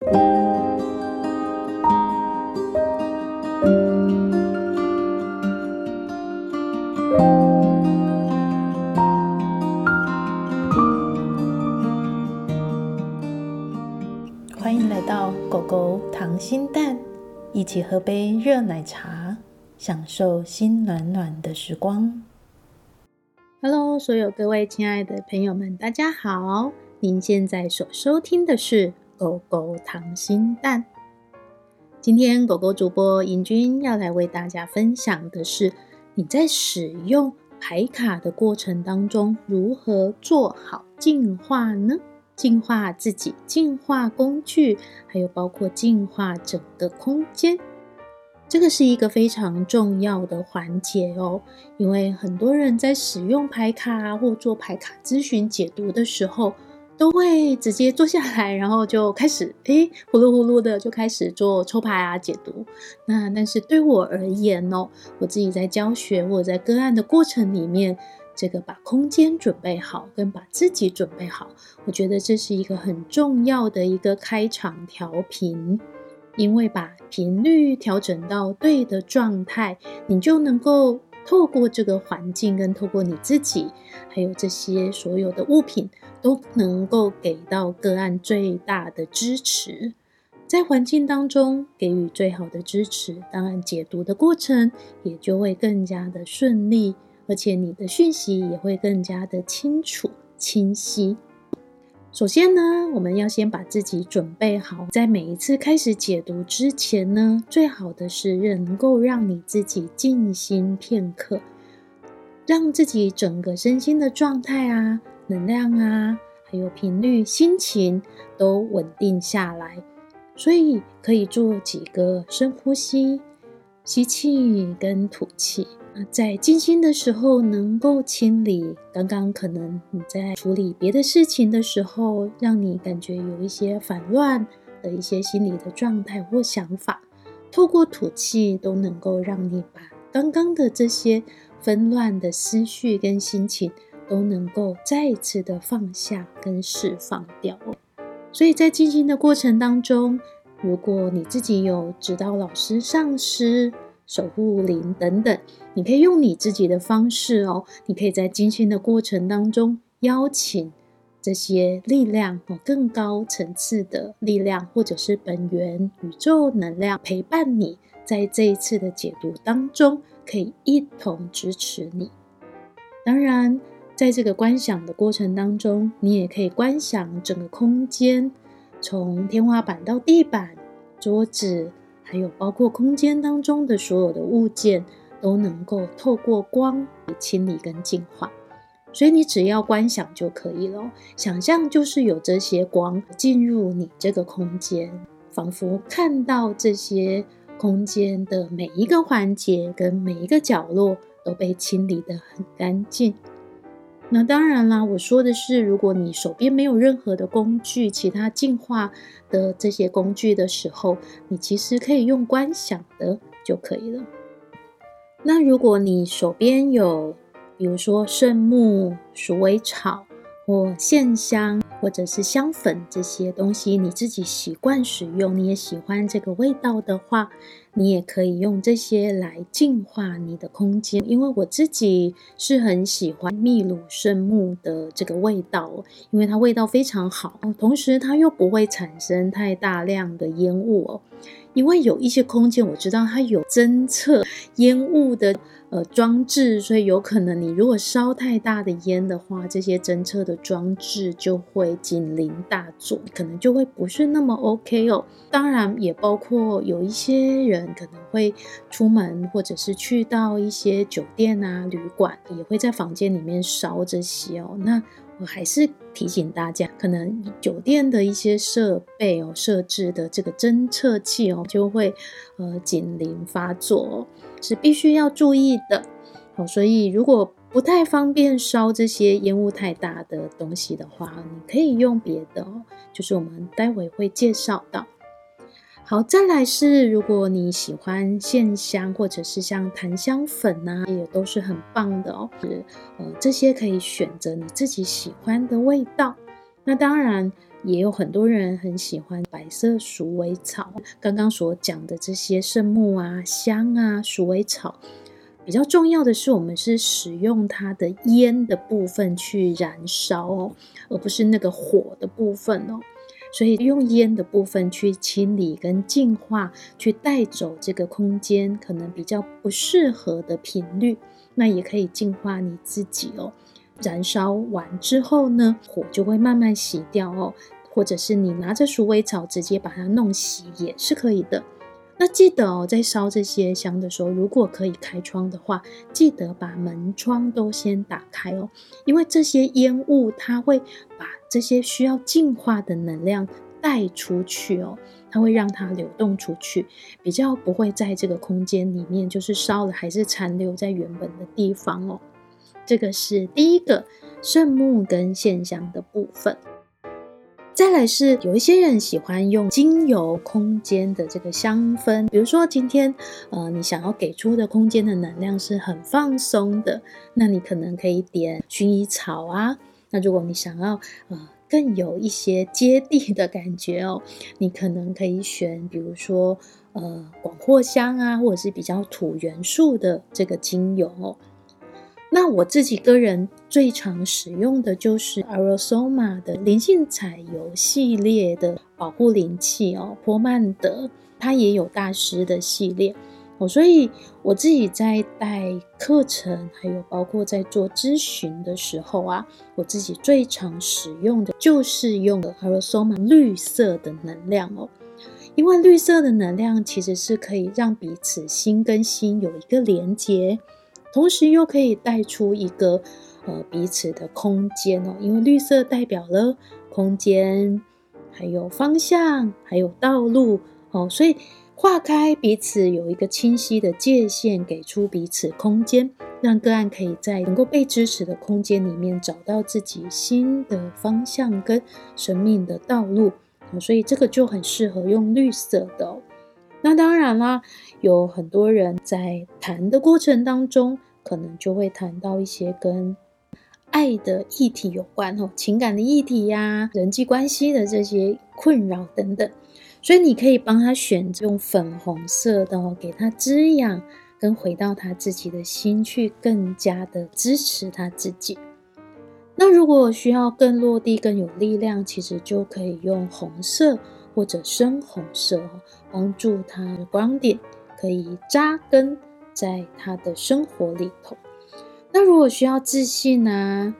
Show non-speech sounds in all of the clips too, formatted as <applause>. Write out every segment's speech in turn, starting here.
歡迎來到狗狗糖心蛋，一起喝杯熱奶茶，享受心暖暖的時光。Hello，所有各位親愛的朋友們，大家好！您現在所收聽的是。狗狗糖心蛋，今天狗狗主播盈君要來為大家分享的是，你在使用牌卡的過程當中，如何做好淨化呢？淨化自己、淨化工具，還有包括淨化整個空間，這個是一個非常重要的環節哦。因為很多人在使用牌卡或做牌卡諮詢解讀的時候，都會直接坐下來，然後就開始誒呼嚕呼嚕的就開始做抽牌啊、解讀。那但是對我而言哦，我自己在教學，我在個案的過程裡面，這個把空間準備好跟把自己準備好，我覺得這是一個很重要的一個開場調頻，因為把頻率調整到對的狀態，你就能夠。透過這個環境，跟透過你自己，還有這些所有的物品，都能夠給到個案最大的支持，在環境當中給予最好的支持，當然解讀的過程也就會更加的順利，而且你的訊息也會更加的清楚、清晰。首先呢，我們要先把自己準備好，在每一次開始解讀之前呢，最好的是能夠讓你自己靜心片刻，讓自己整個身心的狀態啊、能量啊，還有頻率、心情都穩定下來。所以可以做幾個深呼吸，吸氣跟吐氣。在靜心的時候，能夠清理剛剛可能你在處理別的事情的時候，讓你感覺有一些煩亂的一些心理的狀態或想法，透過吐氣都能夠讓你把剛剛的這些紛亂的思緒跟心情都能夠再次的放下跟釋放掉。所以在靜心的過程當中，如果你自己有指導老師、上師。守護靈等等，你可以用你自己的方式哦。你可以在靜心的過程當中邀請這些力量，有更高層次的力量，或者是本源宇宙能量陪伴你，在這一次的解讀當中可以一同支持你。當然，在這個觀想的過程當中，你也可以觀想整個空間，從天花板到地板、桌子。還有包括空間當中的所有的物件，都能夠透過光給清理跟淨化，所以你只要觀想就可以咯。想象就是有這些光進入你這個空間，仿佛看到這些空間的每一個環節跟每一個角落都被清理得很乾淨。那當然啦，我說的是，如果你手邊沒有任何的工具，其他淨化的這些工具的時候，你其實可以用觀想的就可以了。那如果你手邊有，比如說聖木、鼠尾草或線香，或者是香粉這些東西，你自己習慣使用，你也喜歡這個味道的話。你也可以用這些來淨化你的空間，因為我自己是很喜歡祕魯聖木的這個味道哦，因為它味道非常好，同時它又不會產生太大量的煙霧哦，因為有一些空間我知道它有偵測煙霧的呃裝置，所以有可能你如果燒太大的煙的話，這些偵測的裝置就會警鈴大作，可能就會不是那麼 OK 哦、喔，當然也包括有一些人。可能會出門，或者是去到一些酒店啊、旅館，也會在房間裡面燒這些哦。那我還是提醒大家，可能酒店的一些設備哦，設置的這個偵測器哦，就會呃警鈴發作、哦，是必須要注意的。好、哦，所以如果不太方便燒這些煙霧太大的東西的話，你可以用別的、哦，就是我們待會會介紹到。好，再來是如果你喜歡線香，或者是像檀香粉啊，也都是很棒的哦。是、嗯、呃，這些可以選擇你自己喜歡的味道。那當然也有很多人很喜歡白色鼠尾草。剛剛所講的這些聖木啊、香啊、鼠尾草，比較重要的是我們是使用它的煙的部分去燃燒哦，而不是那個火的部分哦。所以用煙的部分去清理跟淨化，去帶走這個空間可能比較不適合的頻率，那也可以淨化你自己哦。燃燒完之後呢，火就會慢慢熄掉哦，或者是你拿着鼠尾草直接把它弄熄也是可以的。那記得哦，在燒這些香的時候，如果可以開窗的話，記得把門窗都先打開哦，因為這些煙霧它會把這些需要淨化的能量帶出去哦，它會讓它流動出去，比較不會在這個空間裡面就是燒了，還是殘留在原本的地方哦。這個是第一個聖木跟線香的部分。再來是有一些人喜歡用精油空間的這個香氛，比如說今天呃你想要給出的空間的能量是很放鬆的，那你可能可以點薰衣草啊。那如果你想要呃更有一些接地的感覺哦，你可能可以選，比如說呃廣藿香啊，或者是比較土元素的這個精油。那我自己個人最常使用的就是 Aura-Soma 的靈性彩油系列的保護靈氣哦，坡曼德它也有大師的系列。所以我自己在帶課程，還有包括在做諮詢的時候啊，我自己最常使用的就是用的 Aura-Soma 綠色的能量哦，因為綠色的能量其實是可以讓彼此心跟心有一個連接，同時又可以帶出一個呃彼此的空間哦，因為綠色代表了空間，還有方向，還有道路哦，所以。劃開彼此有一個清晰的界限，給出彼此空間，讓個案可以在能夠被支持的空間裡面找到自己新的方向跟生命的道路。嗯，所以這個就很適合用綠色的哦。那當然啦，有很多人在談的過程當中，可能就會談到一些跟愛的議題有關哦，情感的議題呀，啊，人際關係的這些困擾等等。所以你可以幫他選用粉紅色的哦，給他滋養，跟回到他自己的心去，更加的支持他自己。那如果需要更落地、更有力量，其實就可以用紅色或者深紅色，幫助他的光點可以扎根在他的生活裡頭。那如果需要自信啊，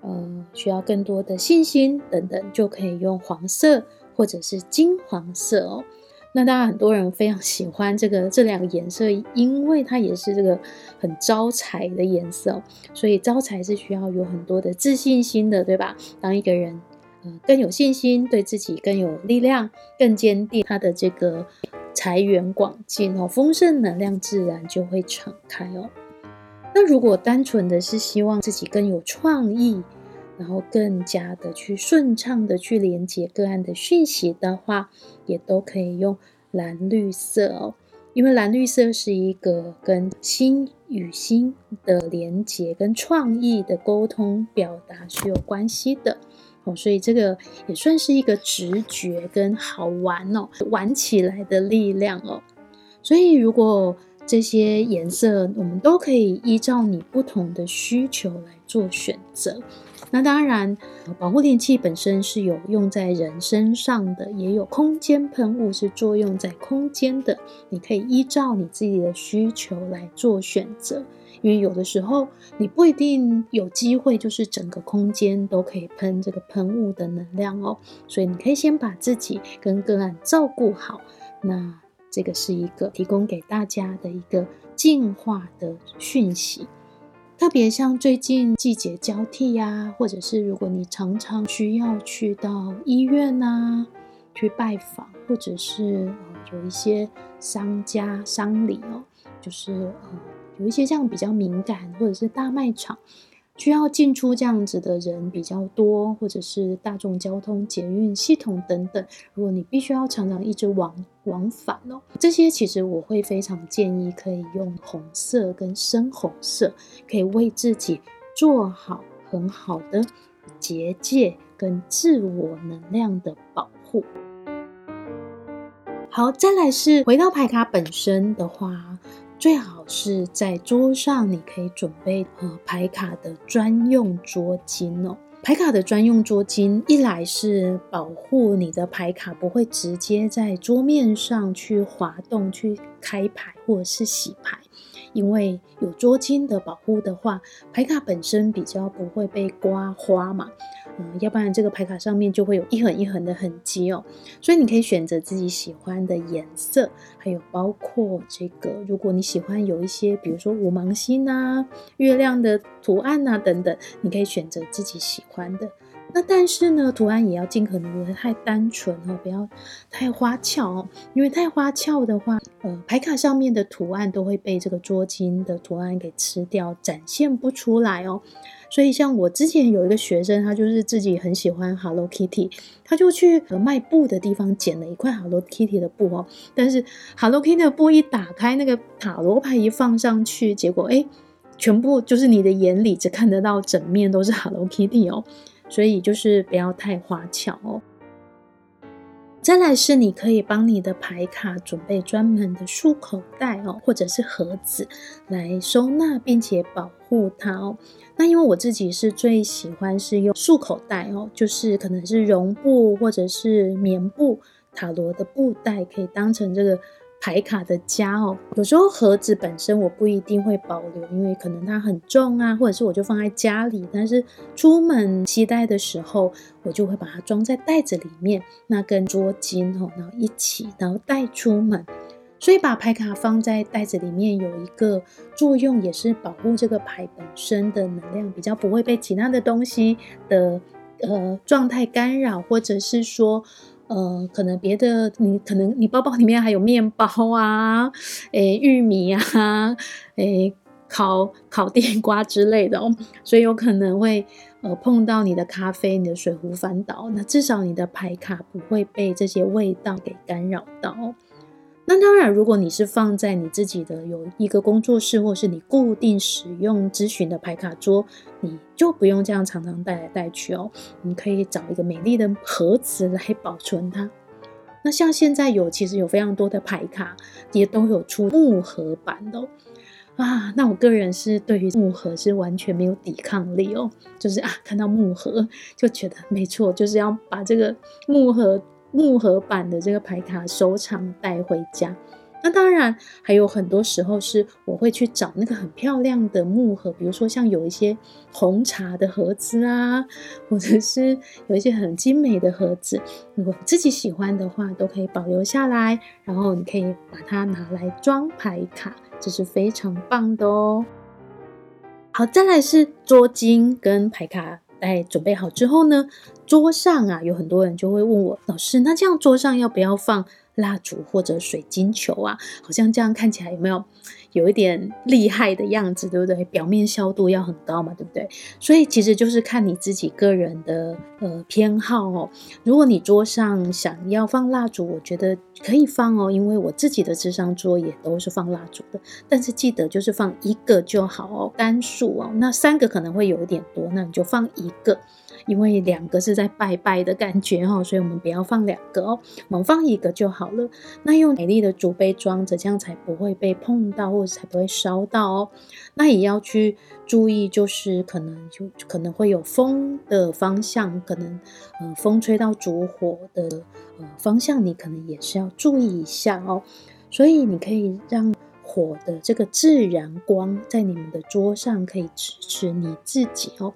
呃，需要更多的信心等等，就可以用黃色。或者是金黃色哦，那當然很多人非常喜歡這個這兩個顏色，因為它也是這個很招財的顏色哦，所以招財是需要有很多的自信心的，對吧？當一個人呃更有信心，對自己更有力量、更堅定，他的這個財源廣進哦，豐盛能量自然就會敞開哦。那如果單純的是希望自己更有創意。然後更加的去順暢的去連接個案的訊息的話，也都可以用藍綠色哦，因為藍綠色是一個跟心與心的連接、跟創意的溝通表達是有關係的哦，所以這個也算是一個直覺跟好玩哦，玩起來的力量哦。所以如果這些顏色，我們都可以依照你不同的需求來做選擇。那當然，保護電器本身是有用在人身上的，也有空間噴霧是作用在空間的。你可以依照你自己的需求來做選擇，因為有的時候你不一定有機會，就是整個空間都可以噴這個噴霧的能量哦。所以你可以先把自己跟個案照顧好。那這個是一個提供給大家的一個淨化的訊息。特別像最近季節交替呀、啊，或者是如果你常常需要去到醫院吶、啊，去拜訪，或者是有一些喪家、喪禮哦、喔，就是有一些這樣比較敏感，或者是大賣場。需要進出這樣子的人比較多，或者是大眾交通、捷運系統等等。如果你必須要常常一直往往返哦，這些其實我會非常建議可以用紅色跟深紅色，可以為自己做好很好的結界跟自我能量的保護。好，再來是回到牌卡本身的話。最好是在桌上，你可以準備呃牌卡的專用桌巾哦。牌卡的專用桌巾，一來是保護你的牌卡不會直接在桌面上去滑動去開牌，或者是洗牌，因為有桌巾的保護的話，牌卡本身比較不會被刮花嘛。嗯、要不然這個牌卡上面就會有一橫一橫的痕跡哦。所以你可以選擇自己喜歡的顏色，還有包括這個，如果你喜歡有一些，比如說五芒星啊、月亮的圖案啊等等，你可以選擇自己喜歡的。那但是呢，圖案也要盡可能的太單純哦，不要太花俏哦，因為太花俏的話，呃，牌卡上面的圖案都會被這個桌巾的圖案給吃掉，展現不出來哦。所以，像我之前有一個學生，他就是自己很喜歡 Hello Kitty，他就去賣布的地方剪了一塊 Hello Kitty 的布哦、喔。但是 Hello Kitty 的布一打開，那個塔羅牌一放上去，結果哎、欸，全部就是你的眼裡只看得到整面都是 Hello Kitty 哦、喔。所以就是不要太花俏哦。再來是你可以幫你的牌卡準備專門的束口袋哦，或者是盒子來收納，並且保護它哦。那因為我自己是最喜歡是用束口袋哦，就是可能是絨布或者是棉布，塔羅的布袋，可以當成這個。牌卡的家哦，有時候盒子本身我不一定會保留，因為可能它很重啊，或者是我就放在家裡。但是出門攜帶的時候，我就會把它裝在袋子裡面，那跟桌巾，哦，然後一起，然後帶出門。所以把牌卡放在袋子裡面有一個作用，也是保護這個牌本身的能量，比較不會被其他的東西的呃狀態干擾，或者是說。呃，可能別的你，可能你包包裡面還有麵包啊，誒、欸，玉米啊，誒、欸，烤烤地瓜之類的哦，所以有可能會呃碰到你的咖啡，你的水壺翻倒，那至少你的牌卡不會被這些味道給干擾到。那當然，如果你是放在你自己的有一個工作室，或是你固定使用諮詢的牌卡桌，你就不用這樣常常帶來帶去哦。你可以找一個美麗的盒子來保存它。那像現在有，其實有非常多的牌卡也都有出木盒版的哦。啊，那我個人是對於木盒是完全沒有抵抗力哦，就是啊，看到木盒就覺得沒錯，就是要把這個木盒木盒版的這個牌卡收藏帶回家，那當然還有很多時候是我會去找那個很漂亮的木盒，比如說像有一些紅茶的盒子啊，或者是有一些很精美的盒子，如果自己喜歡的話都可以保留下來，然後你可以把它拿來裝牌卡，這是非常棒的哦。好，再來是桌巾跟牌卡，在準備好之後呢。桌上啊，有很多人就會問我，老師，那這樣桌上要不要放蠟燭或者水晶球啊？好像這樣，看起來有沒有？有一點厲害的樣子，對不對？表面效度要很高嘛，對不對？所以其實就是看你自己個人的呃偏好哦。如果你桌上想要放蠟燭，我覺得可以放哦，因為我自己的這張桌也都是放蠟燭的。但是記得就是放一個就好哦，單數哦。那三個可能會有一點多，那你就放一個，因為兩個是在拜拜的感覺哦，所以我們不要放兩個哦，我們放一個就好了。那用美麗的燭杯裝着，這樣才不會被碰到或。才不會燒到哦，那也要去注意，就是可能就可能會有風的方向，可能呃風吹到燭火的呃方向，你可能也是要注意一下哦。所以你可以讓火的這個自然光在你們的桌上可以支持你自己哦。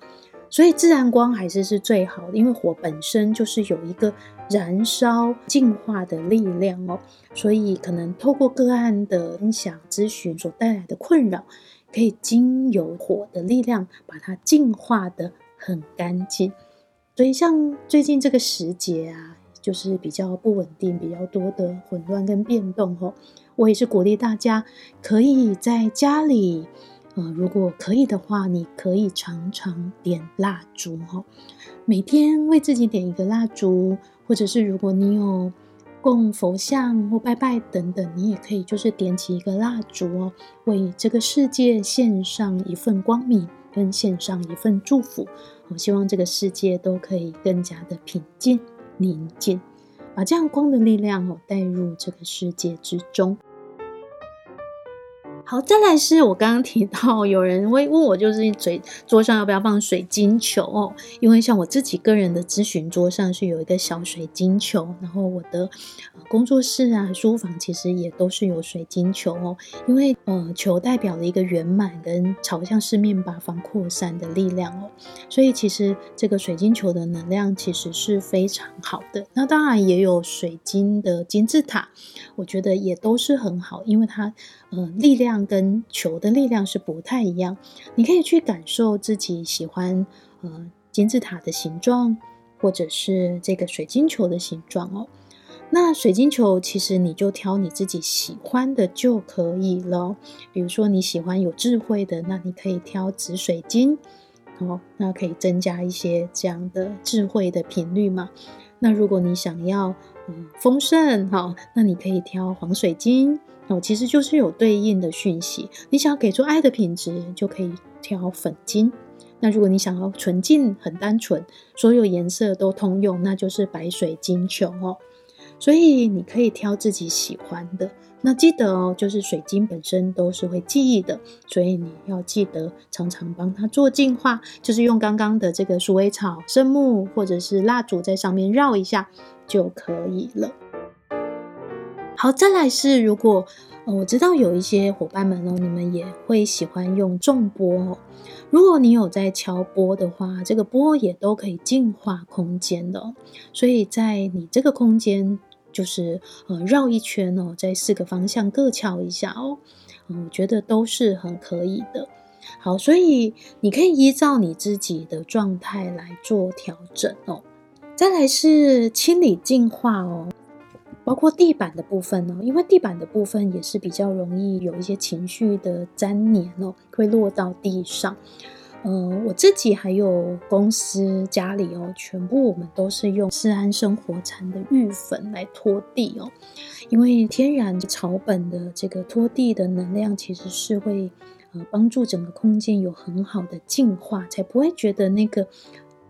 所以自然光還是是最好的，因為火本身就是有一個。燃燒淨化的力量哦，所以可能透過個案的分享諮詢所帶來的困擾，可以經由火的力量把它淨化得很乾淨。所以像最近這個時節啊，就是比較不穩定，比較多的混亂跟變動吼、哦。我也是鼓勵大家可以在家裡，呃，如果可以的話，你可以常常點蠟燭吼，每天為自己點一個蠟燭。或者是如果你有供佛像或拜拜等等，你也可以就是點起一個蠟燭哦，為這個世界獻上一份光明跟獻上一份祝福。我、哦、希望這個世界都可以更加的平靜寧靜，把這樣光的力量哦帶入這個世界之中。好，再來是我剛剛提到有人會問我，就是水桌上要不要放水晶球哦？因為像我自己個人的諮詢桌上是有一個小水晶球，然後我的工作室啊、書房其實也都是有水晶球哦。因為呃，球代表了一個圓滿跟朝向四面八方擴散的力量哦，所以其實這個水晶球的能量其實是非常好的。那當然也有水晶的金字塔，我覺得也都是很好，因為它。呃、嗯，力量跟球的力量是不太一樣，你可以去感受自己喜歡，呃、嗯，金字塔的形狀，或者是這個水晶球的形狀哦。那水晶球其實你就挑你自己喜歡的就可以了，比如說你喜歡有智慧的，那你可以挑紫水晶，哦，那可以增加一些這樣的智慧的頻率嘛。那如果你想要呃豐盛哈，那你可以挑黃水晶。哦，其實就是有對應的訊息。你想要給出愛的品質，就可以挑粉晶。那如果你想要純淨、很單純，所有顏色都通用，那就是白水晶球哦。所以你可以挑自己喜歡的。那記得哦，就是水晶本身都是會記憶的，所以你要記得常常幫它做淨化，就是用剛剛的這個鼠尾草、聖木或者是蠟燭在上面繞一下就可以了。好，再來是如果，呃，哦，我知道有一些夥伴們哦，你們也會喜歡用重波哦。如果你有在敲波的話，這個波也都可以淨化空間的哦。所以在你這個空間，就是呃繞一圈哦，在四個方向各敲一下哦，嗯，我覺得都是很可以的。好，所以你可以依照你自己的狀態來做調整哦。再來是清理淨化哦。包括地板的部分哦，因為地板的部分也是比較容易有一些情緒的粘黏哦，會落到地上。呃，我自己還有公司，家裡哦，全部我們都是用施安生活禪的玉粉來拖地哦，因為天然草本的這個拖地的能量其實是會呃幫助整個空間有很好的淨化，才不會覺得那個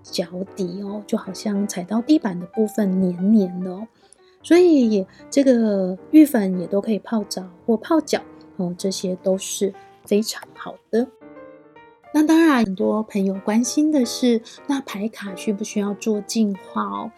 腳底哦就好像踩到地板的部分黏黏的哦。所以也，這個浴粉也都可以泡澡或泡腳，哦、嗯，這些都是非常好的。那當然，很多朋友關心的是，那牌卡需不需要做淨化哦？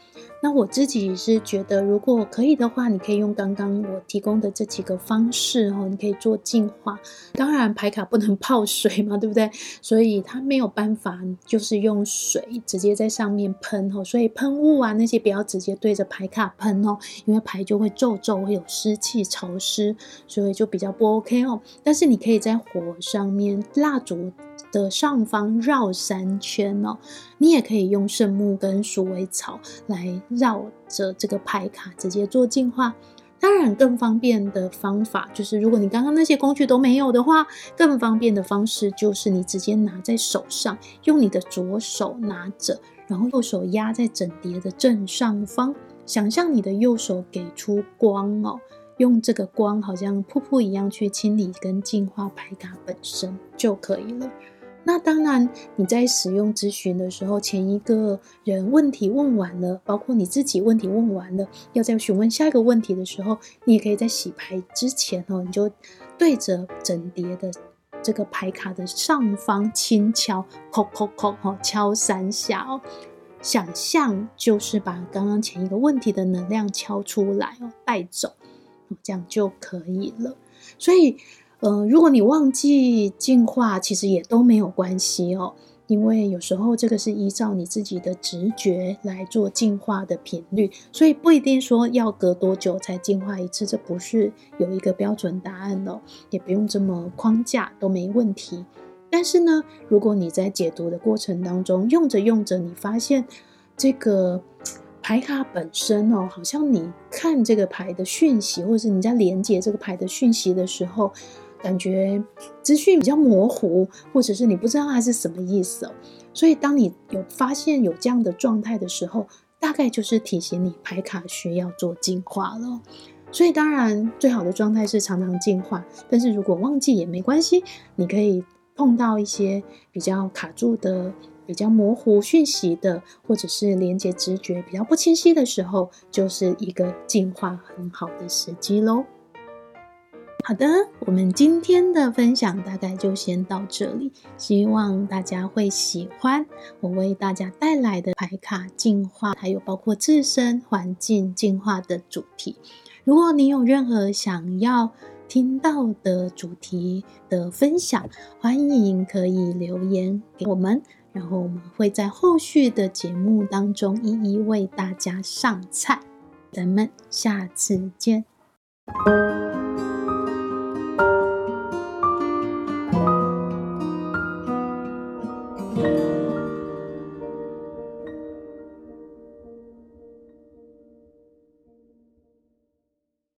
那我自己是覺得，如果可以的話，你可以用剛剛我提供的這幾個方式哦，你可以做淨化。當然，牌卡不能泡水嘛，對不對？所以它沒有辦法，就是用水直接在上面噴哦。所以噴霧啊那些不要直接對着牌卡噴哦，因為牌就會皺皺，會有濕氣潮濕，所以就比較不 OK 哦。但是你可以在火上面，蠟燭。的上方繞三圈哦，你也可以用聖木跟鼠尾草來繞着這個牌卡直接做淨化。當然更方便的方法就是，如果你剛剛那些工具都沒有的話，更方便的方式就是你直接拿在手上，用你的左手拿着，然後右手壓在整疊的正上方，想象你的右手給出光哦。用這個光，好像瀑布一樣去清理跟淨化牌卡本身就可以了。那當然，你在使用諮詢的時候，前一個人問題問完了，包括你自己問題問完了，要再詢問下一個問題的時候，你也可以在洗牌之前哦，你就對着整疊的這個牌卡的上方輕敲，敲敲敲，敲三下哦。想象就是把剛剛前一個問題的能量敲出來哦，帶走。這樣就可以了，所以，呃，如果你忘記淨化，其實也都沒有關係哦，因為有時候這個是依照你自己的直覺來做淨化的頻率，所以不一定說要隔多久才淨化一次，這不是有一個標準答案的哦，也不用這麼框架都沒問題。但是呢，如果你在解讀的過程當中用着用着，你發現這個。牌卡本身哦，好像你看這個牌的訊息，或者是你在連接這個牌的訊息的時候，感覺資訊比較模糊，或者是你不知道它是什麼意思，哦。所以，當你有發現有這樣的狀態的時候，大概就是提醒你牌卡需要做進化了。所以，當然最好的狀態是常常淨化，但是如果忘記也沒關係，你可以碰到一些比較卡住的。比較模糊訊息的，或者是連接直覺比較不清晰的時候，就是一個淨化很好的時機嘍。好的，我們今天的分享大概就先到這裡，希望大家會喜歡我為大家帶來的牌卡淨化，還有包括自身環境淨化的主題。如果你有任何想要聽到的主題的分享，歡迎可以留言給我們。然後我們會在後續的節目當中一一為大家上菜，咱們下次見。 <noise>